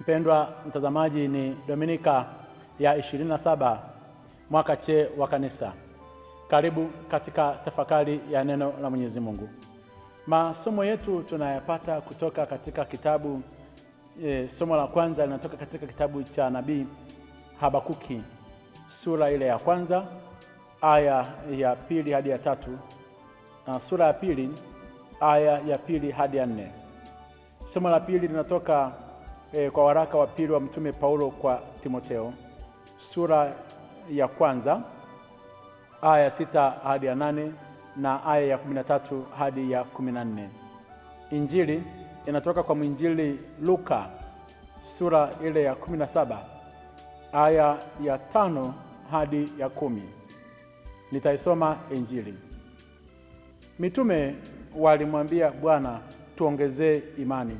Mpendwa mtazamaji, ni Dominika ya 27 mwaka che wa kanisa. Karibu katika tafakari ya neno la Mwenyezi Mungu. Masomo yetu tunayapata kutoka katika kitabu e, somo la kwanza linatoka katika kitabu cha nabii Habakuki sura ile ya kwanza aya ya pili hadi ya tatu na sura ya pili aya ya pili hadi ya nne. Somo la pili linatoka e, kwa waraka wa pili wa Mtume Paulo kwa timoteo sura ya kwanza aya ya sita hadi ya nane na aya ya kumi na tatu hadi ya kumi na nne. Injili inatoka kwa mwinjili Luka sura ile ya kumi na saba aya ya tano hadi ya kumi. Nitaisoma Injili. Mitume walimwambia Bwana, tuongezee imani.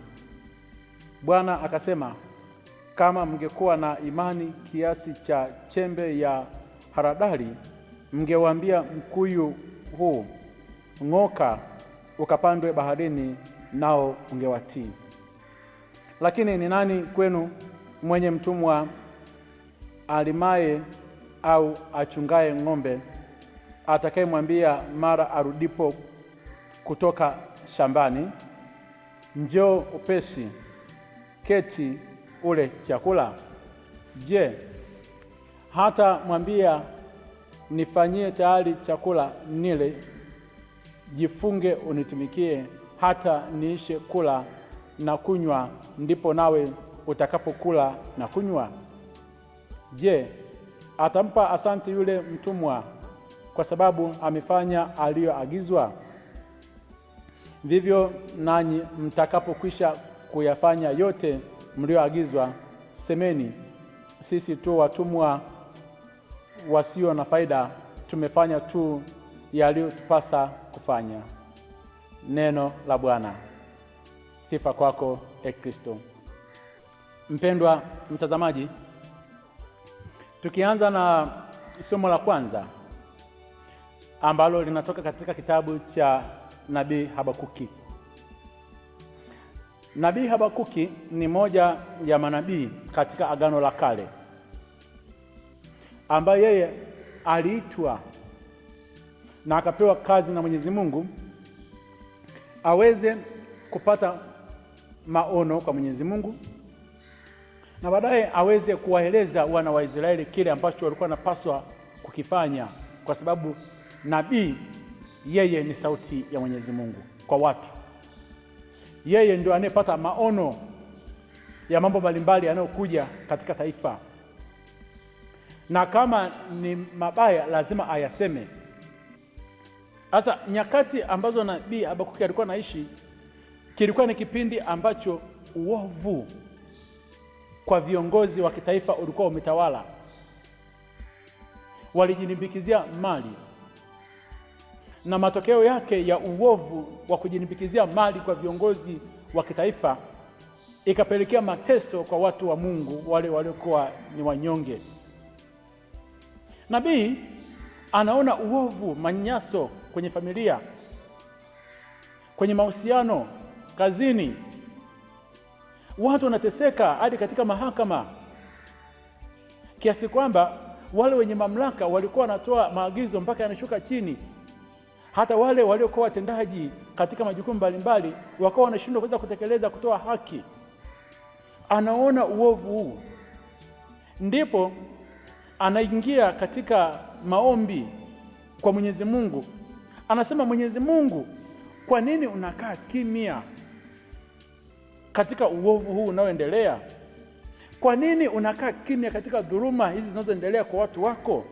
Bwana akasema, kama mngekuwa na imani kiasi cha chembe ya haradali, mngewaambia mkuyu huu ng'oka, ukapandwe baharini, nao ungewatii. Lakini ni nani kwenu mwenye mtumwa alimaye au achungaye ng'ombe atakayemwambia mara arudipo kutoka shambani, njoo upesi keti ule chakula? Je, hata mwambia nifanyie tayari chakula nile? Jifunge unitumikie hata niishe kula na kunywa, ndipo nawe utakapokula na kunywa? Je, atampa asante yule mtumwa kwa sababu amefanya aliyoagizwa? Vivyo nanyi mtakapokwisha kuyafanya yote mlioagizwa, semeni, sisi tu watumwa wasio na faida, tumefanya tu yaliyotupasa kufanya. Neno la Bwana. Sifa kwako e Kristo. Mpendwa mtazamaji, tukianza na somo la kwanza ambalo linatoka katika kitabu cha nabii Habakuki. Nabii Habakuki ni moja ya manabii katika Agano la Kale ambaye yeye aliitwa na akapewa kazi na Mwenyezi Mungu aweze kupata maono kwa Mwenyezi Mungu na baadaye aweze kuwaeleza wana wa Israeli kile ambacho walikuwa wanapaswa kukifanya, kwa sababu nabii yeye ni sauti ya Mwenyezi Mungu kwa watu yeye ndio anayepata maono ya mambo mbalimbali yanayokuja katika taifa, na kama ni mabaya lazima ayaseme. Sasa nyakati ambazo nabii Habakuki alikuwa naishi, kilikuwa ni kipindi ambacho uovu kwa viongozi wa kitaifa ulikuwa umetawala, walijilimbikizia mali na matokeo yake ya uovu wa kujilimbikizia mali kwa viongozi wa kitaifa ikapelekea mateso kwa watu wa Mungu wale waliokuwa ni wanyonge. Nabii anaona uovu, manyanyaso kwenye familia, kwenye mahusiano, kazini, watu wanateseka hadi katika mahakama, kiasi kwamba wale wenye mamlaka walikuwa wanatoa maagizo mpaka yanashuka chini hata wale waliokuwa watendaji katika majukumu mbalimbali wakawa wanashindwa kuweza kutekeleza kutoa haki. Anaona uovu huu, ndipo anaingia katika maombi kwa Mwenyezi Mungu, anasema Mwenyezi Mungu, kwa nini unakaa kimya katika uovu huu unaoendelea? Kwa nini unakaa kimya katika dhuluma hizi zinazoendelea kwa watu wako?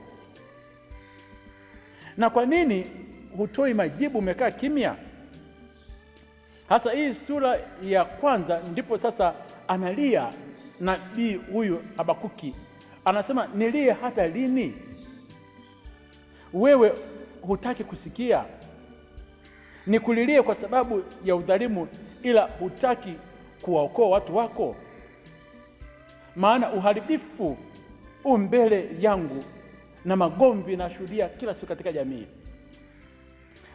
Na kwa nini hutoi majibu, umekaa kimya. Hasa hii sura ya kwanza ndipo sasa analia nabii huyu Habakuki, anasema nilie hata lini? Wewe hutaki kusikia, nikulilie kwa sababu ya udhalimu, ila hutaki kuwaokoa watu wako. Maana uharibifu u mbele yangu na magomvi nashuhudia kila siku katika jamii.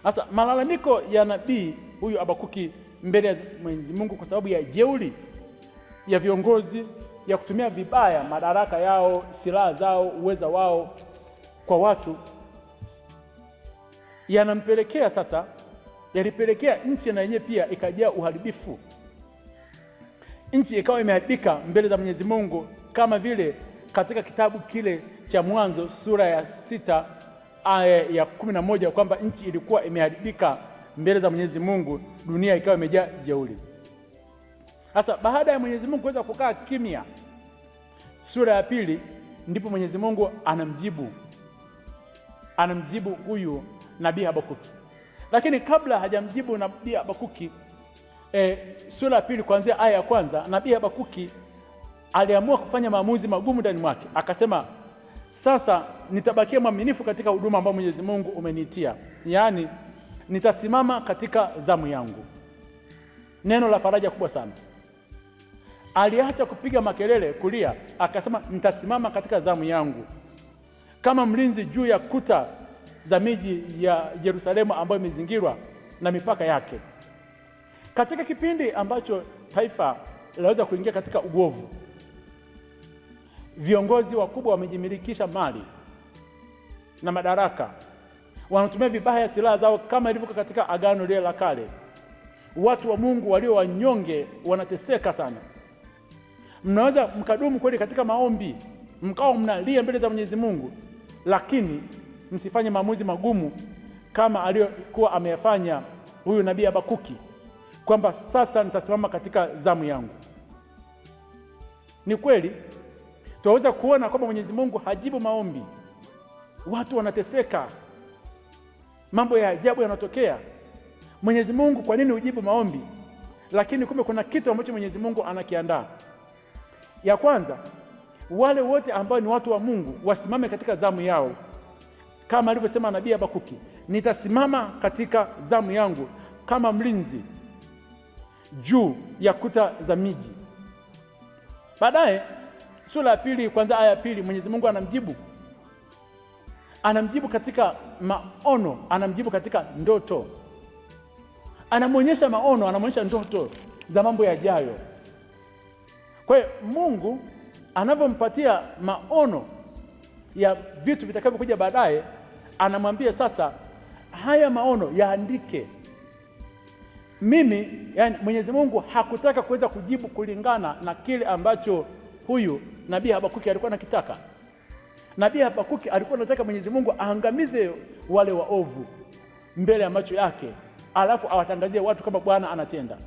Sasa malalamiko ya nabii huyu abakuki mbele ya Mwenyezi Mungu kwa sababu ya jeuri ya viongozi ya kutumia vibaya madaraka yao, silaha zao, uweza wao kwa watu yanampelekea sasa, yalipelekea nchi na yenyewe pia ikajaa uharibifu. Nchi ikawa imeharibika mbele za Mwenyezi Mungu, kama vile katika kitabu kile cha Mwanzo sura ya sita aya ya kumi na moja kwamba nchi ilikuwa imeharibika mbele za Mwenyezi Mungu, dunia ikawa imejaa jeuri. Sasa baada ya Mwenyezi Mungu kuweza kukaa kimya, sura ya pili, ndipo Mwenyezi Mungu anamjibu anamjibu huyu nabii Habakuki, lakini kabla hajamjibu nabii Habakuki e, sura ya pili kuanzia aya ya kwanza, nabii Habakuki aliamua kufanya maamuzi magumu ndani mwake, akasema sasa nitabakia mwaminifu katika huduma ambayo Mwenyezi Mungu umeniitia, yaani nitasimama katika zamu yangu. Neno la faraja kubwa sana. Aliacha kupiga makelele kulia, akasema nitasimama katika zamu yangu, kama mlinzi juu ya kuta za miji ya Yerusalemu ambayo imezingirwa na mipaka yake. Katika kipindi ambacho taifa laweza kuingia katika uovu Viongozi wakubwa wamejimilikisha mali na madaraka, wanatumia vibaya silaha zao, kama ilivyo katika Agano lile la Kale. Watu wa Mungu walio wanyonge wanateseka sana. Mnaweza mkadumu kweli katika maombi, mkao mnalia mbele za Mwenyezi Mungu, lakini msifanye maamuzi magumu kama aliyokuwa ameyafanya huyu nabii Habakuki, kwamba sasa nitasimama katika zamu yangu. Ni kweli Tunaweza kuona kwamba Mwenyezi Mungu hajibu maombi, watu wanateseka, mambo ya ajabu yanatokea. Mwenyezi Mungu kwa nini hujibu maombi? Lakini kumbe kuna kitu ambacho Mwenyezi Mungu anakiandaa. Ya kwanza, wale wote ambao ni watu wa Mungu wasimame katika zamu yao, kama alivyosema nabii Habakuki, nitasimama katika zamu yangu kama mlinzi juu ya kuta za miji. Baadaye sura ya pili kwanza aya ya pili, Mwenyezi Mungu anamjibu, anamjibu katika maono, anamjibu katika ndoto, anamwonyesha maono, anamwonyesha ndoto za mambo yajayo. Kwa hiyo Mungu anavyompatia maono ya vitu vitakavyokuja baadaye, anamwambia sasa, haya maono yaandike. Mimi yani, Mwenyezi Mungu hakutaka kuweza kujibu kulingana na kile ambacho huyu nabii Habakuki alikuwa anakitaka. Nabii Habakuki alikuwa anataka Mwenyezi Mungu aangamize wale waovu mbele ya macho yake, alafu awatangazie watu kama Bwana anatenda.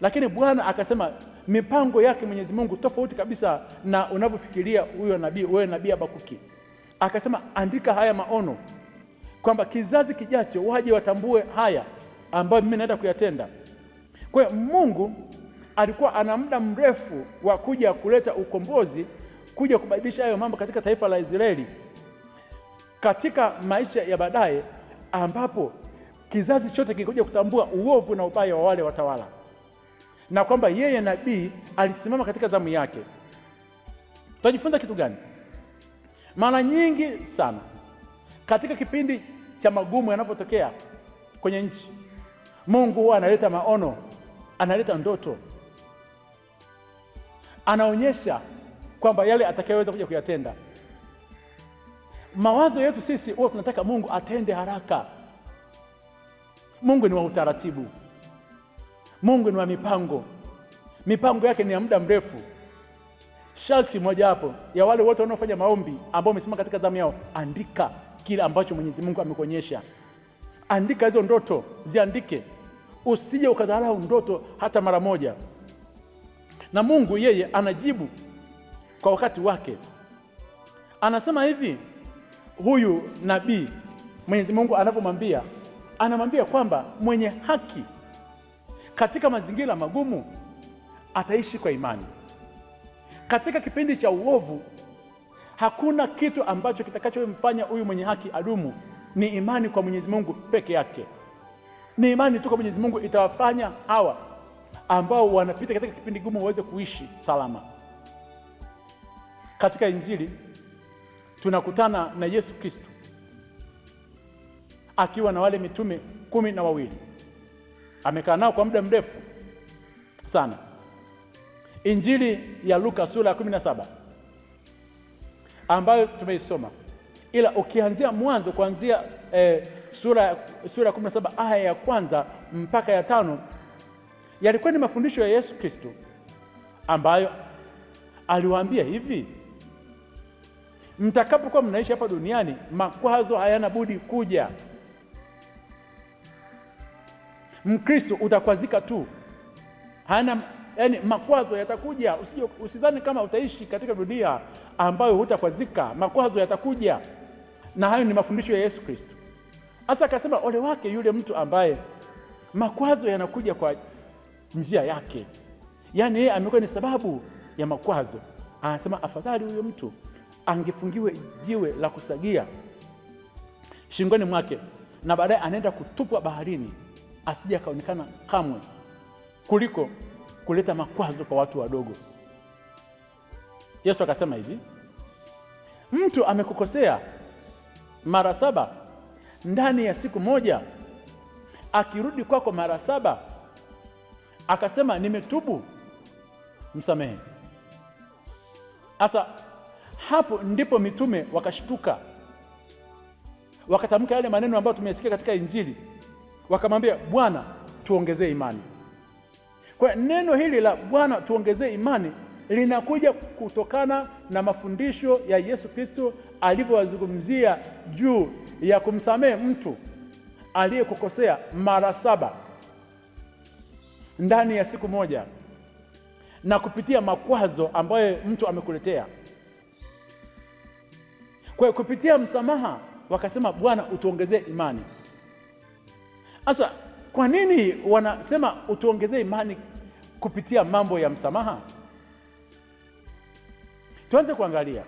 Lakini Bwana akasema mipango yake Mwenyezi Mungu tofauti kabisa na unavyofikiria huyo nabii, wewe nabii Habakuki. Akasema andika haya maono kwamba kizazi kijacho waje watambue haya ambayo mimi naenda kuyatenda. Kwa hiyo Mungu alikuwa ana muda mrefu wa kuja kuleta ukombozi, kuja kubadilisha hayo mambo katika taifa la Israeli katika maisha ya baadaye, ambapo kizazi chote kilikuja kutambua uovu na ubaya wa wale watawala na kwamba yeye nabii alisimama katika zamu yake. Tunajifunza kitu gani? Mara nyingi sana katika kipindi cha magumu yanapotokea kwenye nchi, Mungu huwa analeta maono, analeta ndoto anaonyesha kwamba yale atakayeweza kuja kuyatenda. Mawazo yetu sisi huwa tunataka Mungu atende haraka. Mungu ni wa utaratibu, Mungu ni wa mipango, mipango yake ni ya muda mrefu. Sharti mojawapo ya wale wote wanaofanya maombi ambao wamesimama katika zamu yao, andika kile ambacho Mwenyezi Mungu amekuonyesha. Andika hizo ndoto, ziandike, usije ukadharau ndoto hata mara moja na Mungu yeye anajibu kwa wakati wake. Anasema hivi huyu nabii, Mwenyezi Mungu anapomwambia, anamwambia kwamba mwenye haki katika mazingira magumu ataishi kwa imani. Katika kipindi cha uovu hakuna kitu ambacho kitakachomfanya huyu mwenye haki adumu, ni imani kwa Mwenyezi Mungu peke yake. Ni imani tu kwa Mwenyezi Mungu itawafanya hawa ambao wanapita katika kipindi gumu waweze kuishi salama. Katika Injili tunakutana na Yesu Kristo akiwa na wale mitume kumi na wawili, amekaa nao kwa muda mrefu sana. Injili ya Luka sura ya saba ambayo tumeisoma, ila ukianzia mwanzo kuanzia eh, sura, sura ya saba aya ya kwanza mpaka ya tano yalikuwa ni mafundisho ya Yesu Kristo ambayo aliwaambia hivi, mtakapokuwa mnaishi hapa duniani, makwazo hayana budi kuja. Mkristo utakwazika tu, hana yani, makwazo yatakuja. Usizani kama utaishi katika dunia ambayo hutakwazika, makwazo yatakuja, na hayo ni mafundisho ya Yesu Kristo. Hasa akasema, ole wake yule mtu ambaye makwazo yanakuja kwa njia yake, yaani yeye amekuwa ni sababu ya makwazo. Anasema afadhali huyo mtu angefungiwe jiwe la kusagia shingoni mwake na baadaye anaenda kutupwa baharini asije akaonekana kamwe, kuliko kuleta makwazo kwa watu wadogo. Yesu akasema hivi, mtu amekukosea mara saba ndani ya siku moja, akirudi kwako mara saba akasema nimetubu, msamehe. Sasa hapo ndipo mitume wakashtuka, wakatamka yale maneno ambayo tumesikia katika Injili, wakamwambia Bwana, tuongezee imani. Kwa neno hili la Bwana, tuongezee imani linakuja kutokana na mafundisho ya Yesu Kristo alivyowazungumzia juu ya kumsamehe mtu aliyekukosea mara saba ndani ya siku moja na kupitia makwazo ambayo mtu amekuletea. Kwa kupitia msamaha wakasema, Bwana utuongezee imani. Sasa kwa nini wanasema utuongezee imani kupitia mambo ya msamaha? Tuanze kuangalia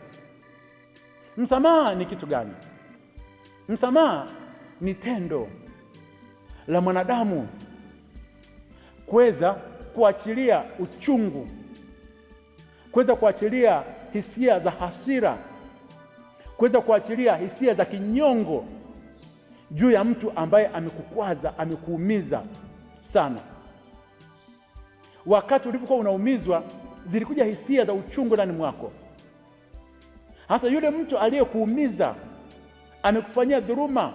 msamaha ni kitu gani. Msamaha ni tendo la mwanadamu kuweza kuachilia uchungu, kuweza kuachilia hisia za hasira, kuweza kuachilia hisia za kinyongo juu ya mtu ambaye amekukwaza, amekuumiza sana. Wakati ulipokuwa unaumizwa, zilikuja hisia za uchungu ndani mwako, hasa yule mtu aliyekuumiza, amekufanyia dhuluma,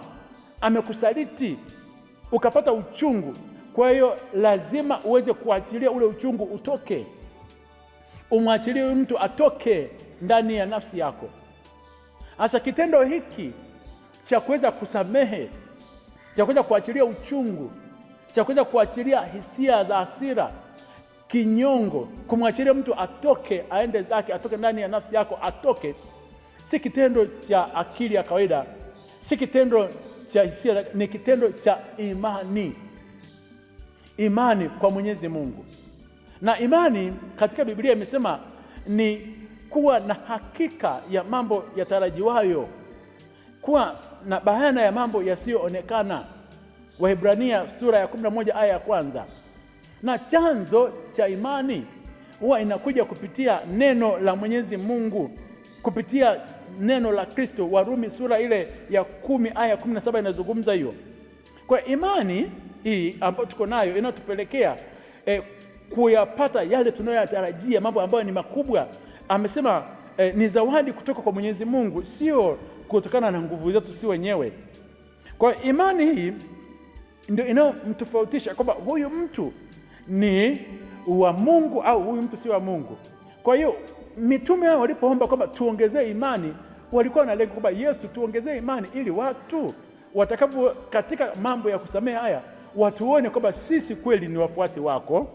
amekusaliti, ukapata uchungu. Kwa hiyo lazima uweze kuachilia ule uchungu utoke, umwachilie huyu mtu atoke ndani ya nafsi yako. Hasa kitendo hiki cha kuweza kusamehe, cha kuweza kuachilia uchungu, cha kuweza kuachilia hisia za hasira, kinyongo, kumwachilia mtu atoke, aende zake, atoke ndani ya nafsi yako, atoke, si kitendo cha akili ya kawaida, si kitendo cha hisia, ni kitendo cha imani imani kwa Mwenyezi Mungu. Na imani katika Biblia imesema ni kuwa na hakika ya mambo yatarajiwayo, kuwa na bayana ya mambo yasiyoonekana. Waebrania sura ya 11 aya ya kwanza. Na chanzo cha imani huwa inakuja kupitia neno la Mwenyezi Mungu, kupitia neno la Kristo. Warumi sura ile ya kumi aya ya 17 inazungumza hiyo. Kwa imani hii ambayo tuko nayo inayotupelekea eh, kuyapata yale tunayoyatarajia, mambo ambayo ni makubwa. Amesema eh, ni zawadi kutoka kwa Mwenyezi Mungu, sio kutokana na nguvu zetu si wenyewe. Kwa imani hii ndio inayomtofautisha kwamba huyu mtu ni wa Mungu au huyu mtu si wa Mungu. Kwa hiyo mitume hao walipoomba kwamba tuongezee imani, walikuwa na lengo kwamba Yesu, tuongezee imani ili watu watakapo katika mambo ya kusamehe haya watuone kwamba sisi kweli ni wafuasi wako,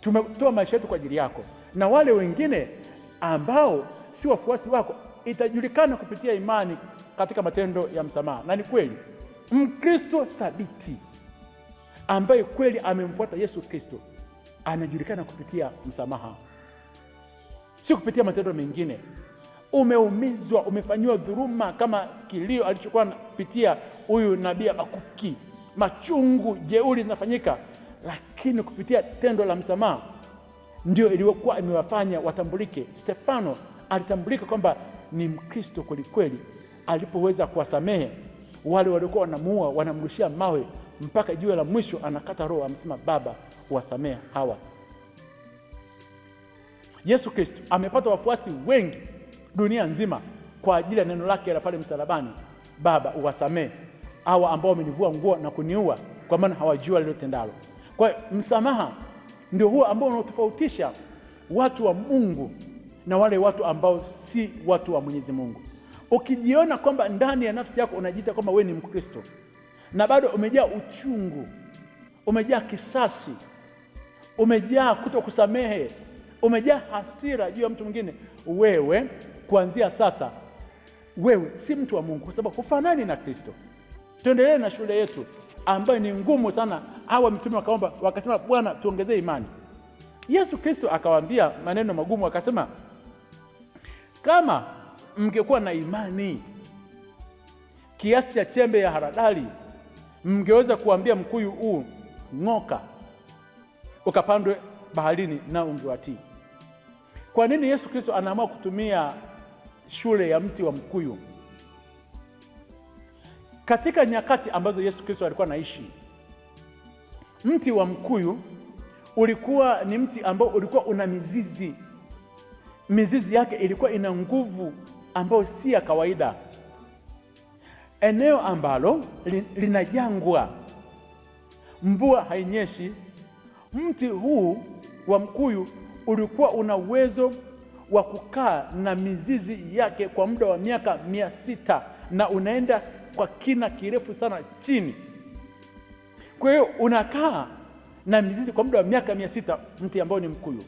tumetoa maisha yetu kwa ajili yako, na wale wengine ambao si wafuasi wako itajulikana kupitia imani katika matendo ya msamaha. Na ni kweli Mkristo thabiti ambaye kweli amemfuata Yesu Kristo anajulikana kupitia msamaha, si kupitia matendo mengine. Umeumizwa, umefanyiwa dhuruma kama kilio alichokuwa anapitia huyu nabii Habakuki machungu, jeuri zinafanyika, lakini kupitia tendo la msamaha ndio iliyokuwa imewafanya watambulike. Stefano alitambulika kwamba ni Mkristo kwelikweli alipoweza kuwasamehe wale waliokuwa wanamuua, wanamrushia mawe mpaka jiwe la mwisho anakata roho, amesema Baba, wasamehe hawa. Yesu Kristo amepata wafuasi wengi dunia nzima kwa ajili ya neno lake la pale msalabani, Baba uwasamehe hawa ambao wamenivua nguo na kuniua, kwa maana hawajua lilotendalo. Kwa hiyo msamaha ndio huo ambao unaotofautisha watu wa Mungu na wale watu ambao si watu wa Mwenyezi Mungu. Ukijiona kwamba ndani ya nafsi yako unajiita kwamba wewe ni Mkristo na bado umejaa uchungu, umejaa kisasi, umejaa kuto kusamehe umejaa hasira juu ya mtu mwingine, wewe kuanzia sasa, wewe si mtu wa Mungu, kwa sababu hufanani na Kristo. Tuendelee na shule yetu ambayo ni ngumu sana. Hawa mitume wakaomba wakasema, Bwana tuongezee imani. Yesu Kristo akawaambia maneno magumu, akasema kama mngekuwa na imani kiasi cha chembe ya haradali, mngeweza kuambia mkuyu huu ng'oka, ukapandwe baharini, na ungewatii. Kwa nini Yesu Kristo anaamua kutumia shule ya mti wa mkuyu? Katika nyakati ambazo Yesu Kristo alikuwa anaishi, mti wa mkuyu ulikuwa ni mti ambao ulikuwa una mizizi. Mizizi yake ilikuwa ina nguvu ambayo si ya kawaida. Eneo ambalo lina jangwa, mvua hainyeshi, mti huu wa mkuyu ulikuwa una uwezo wa kukaa na mizizi yake kwa muda wa miaka mia sita na unaenda kwa kina kirefu sana chini. Kwa hiyo unakaa na mizizi kwa muda wa miaka mia sita mti ambao ni mkuyu,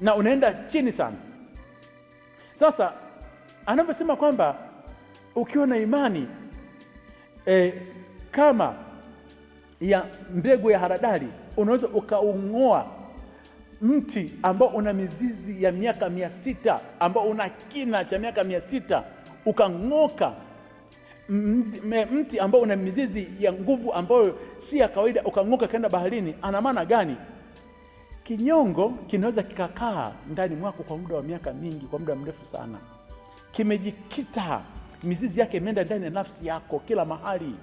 na unaenda chini sana. Sasa anaposema kwamba ukiwa na imani e, kama ya mbegu ya haradali unaweza ukaung'oa mti ambao una mizizi ya miaka mia sita ambao una kina cha miaka mia sita ukang'oka mti ambao una mizizi ya nguvu ambayo si ya kawaida ukang'oka kaenda baharini, ana maana gani? Kinyongo kinaweza kikakaa ndani mwako kwa muda wa miaka mingi, kwa muda mrefu sana, kimejikita, mizizi yake imeenda ndani ya nafsi yako kila mahali.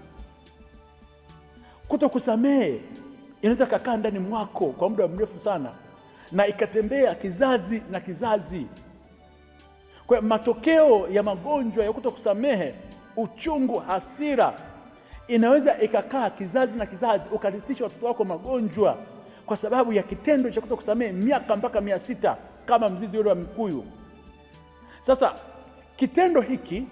Kuto kusamehe inaweza kakaa ndani mwako kwa muda mrefu sana, na ikatembea kizazi na kizazi. Kwa matokeo ya magonjwa ya kuto kusamehe uchungu, hasira inaweza ikakaa kizazi na kizazi, ukarithisha watoto wako magonjwa kwa sababu ya kitendo cha kuto kusamehe miaka mpaka mia sita kama mzizi ule wa mikuyu. Sasa kitendo hiki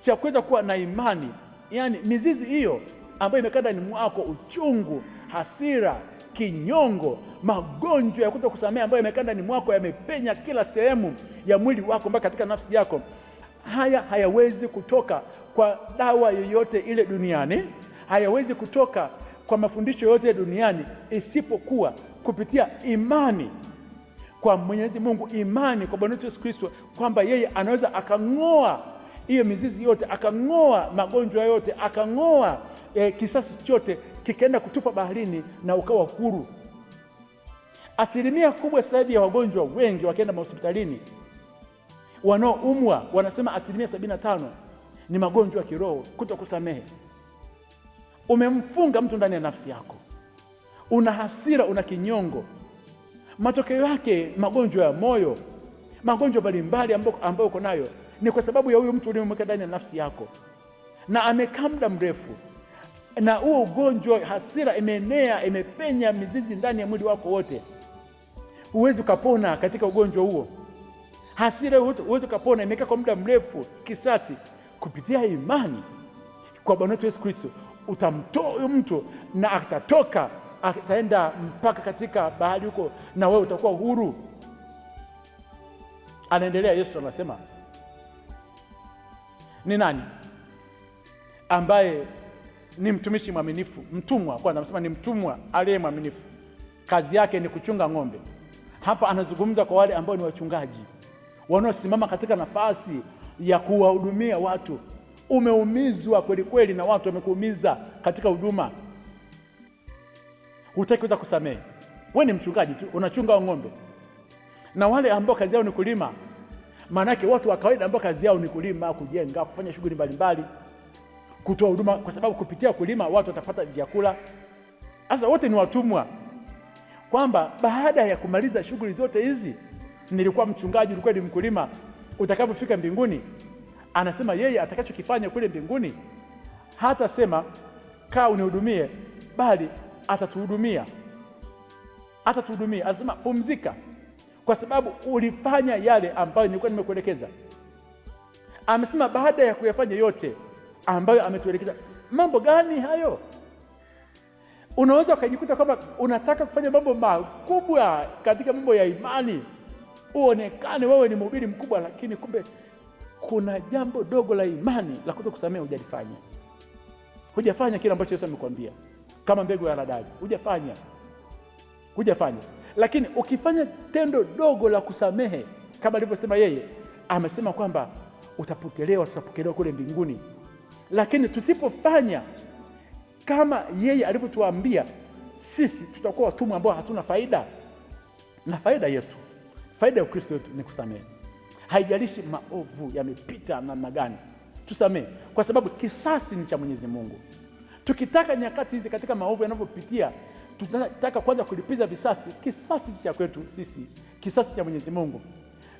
cha kuweza kuwa na imani, yani mizizi hiyo ambayo imekaa ndani mwako, uchungu, hasira, kinyongo, magonjwa ya kuto kusamehe ambayo yamekaa ndani mwako, yamepenya kila sehemu ya mwili wako mpaka katika nafsi yako, haya hayawezi kutoka kwa dawa yoyote ile duniani, hayawezi kutoka kwa mafundisho yoyote duniani isipokuwa kupitia imani kwa Mwenyezi Mungu, imani kwa Bwana wetu Yesu Kristo, kwamba yeye anaweza akang'oa hiyo mizizi yote, akang'oa magonjwa yote, akang'oa e, kisasi chote kikaenda kutupa baharini na ukawa huru. Asilimia kubwa sasa hivi ya wagonjwa wengi wakienda mahospitalini wanaoumwa wanasema asilimia 75 ni magonjwa ya kiroho, kuto kusamehe. Umemfunga mtu ndani ya nafsi yako, una hasira, una kinyongo, matokeo yake magonjwa ya moyo, magonjwa mbalimbali ambayo uko nayo ni kwa sababu ya huyu mtu uliyemweka ndani ya nafsi yako, na amekaa muda mrefu na huo ugonjwa, hasira imeenea, imepenya mizizi ndani ya mwili wako wote. Huwezi ukapona katika ugonjwa huo, hasira huwezi ukapona, imekaa kwa muda mrefu, kisasi kupitia imani kwa Bwana wetu Yesu Kristo, utamtoa huyo mtu na atatoka, ataenda mpaka katika bahari huko, na wewe utakuwa huru. Anaendelea Yesu anasema, ni nani ambaye ni mtumishi mwaminifu, mtumwa kwanza, anasema ni mtumwa aliye mwaminifu, kazi yake ni kuchunga ng'ombe. Hapa anazungumza kwa wale ambao ni wachungaji wanaosimama katika nafasi ya kuwahudumia watu. Umeumizwa kweli kweli na watu wamekuumiza katika huduma, hutaki kuweza kusamehe. We ni mchungaji tu, unachunga ng'ombe, na wale ambao kazi yao ni kulima, maanake watu wa kawaida ambao kazi yao ni kulima, kujenga, kufanya shughuli mbalimbali, kutoa huduma, kwa sababu kupitia kulima watu watapata vyakula. Sasa wote ni watumwa, kwamba baada ya kumaliza shughuli zote hizi, nilikuwa mchungaji, ulikuwa ni mkulima utakapofika mbinguni, anasema yeye atakachokifanya kule mbinguni, hata sema kaa unihudumie, bali atatuhudumia, atatuhudumia. Anasema pumzika, kwa sababu ulifanya yale ambayo nilikuwa nimekuelekeza. Amesema baada ya kuyafanya yote ambayo ametuelekeza. Mambo gani hayo? Unaweza ukajikuta kwamba unataka kufanya mambo makubwa katika mambo ya imani uonekane wewe ni mhubiri mkubwa, lakini kumbe kuna jambo dogo la imani la kuto kusamehe hujalifanya, hujafanya kile ambacho Yesu amekwambia, kama mbegu ya haradali hujafanya, hujafanya. Lakini ukifanya tendo dogo la kusamehe kama alivyosema yeye, amesema kwamba utapokelewa, tutapokelewa kule mbinguni. Lakini tusipofanya kama yeye alivyotuambia, sisi tutakuwa watumwa ambao hatuna faida na faida yetu Faida ya Ukristo wetu ni kusamehe, haijalishi maovu yamepita namna gani, tusamehe kwa sababu kisasi ni cha Mwenyezi Mungu. Tukitaka nyakati hizi katika maovu yanavyopitia, tunataka kwanza kulipiza visasi, kisasi cha kwetu sisi, kisasi cha Mwenyezi Mungu.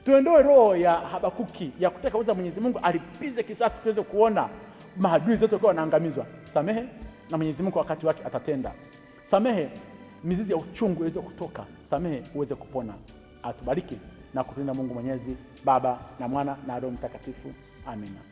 Tuondoe roho ya Habakuki ya kutaka kwanza Mwenyezi Mungu alipize kisasi, tuweze kuona maadui zetu wakiwa wanaangamizwa. Samehe na Mwenyezi Mungu wakati wake atatenda. Samehe mizizi ya uchungu iweze kutoka, samehe uweze kupona atubariki na kutulinda Mungu Mwenyezi, Baba na Mwana na Roho Mtakatifu. Amina.